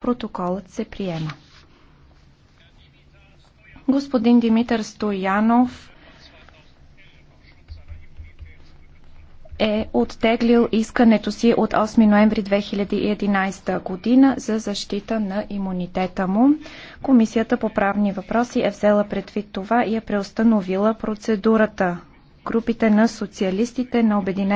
Протоколът се приема. Господин Димитър Стоянов е оттеглил искането си от 8 ноември 2011 година за защита на имунитета му. Комисията по правни въпроси е взела предвид това и е преустановила процедурата. Групите на социалистите на Обединена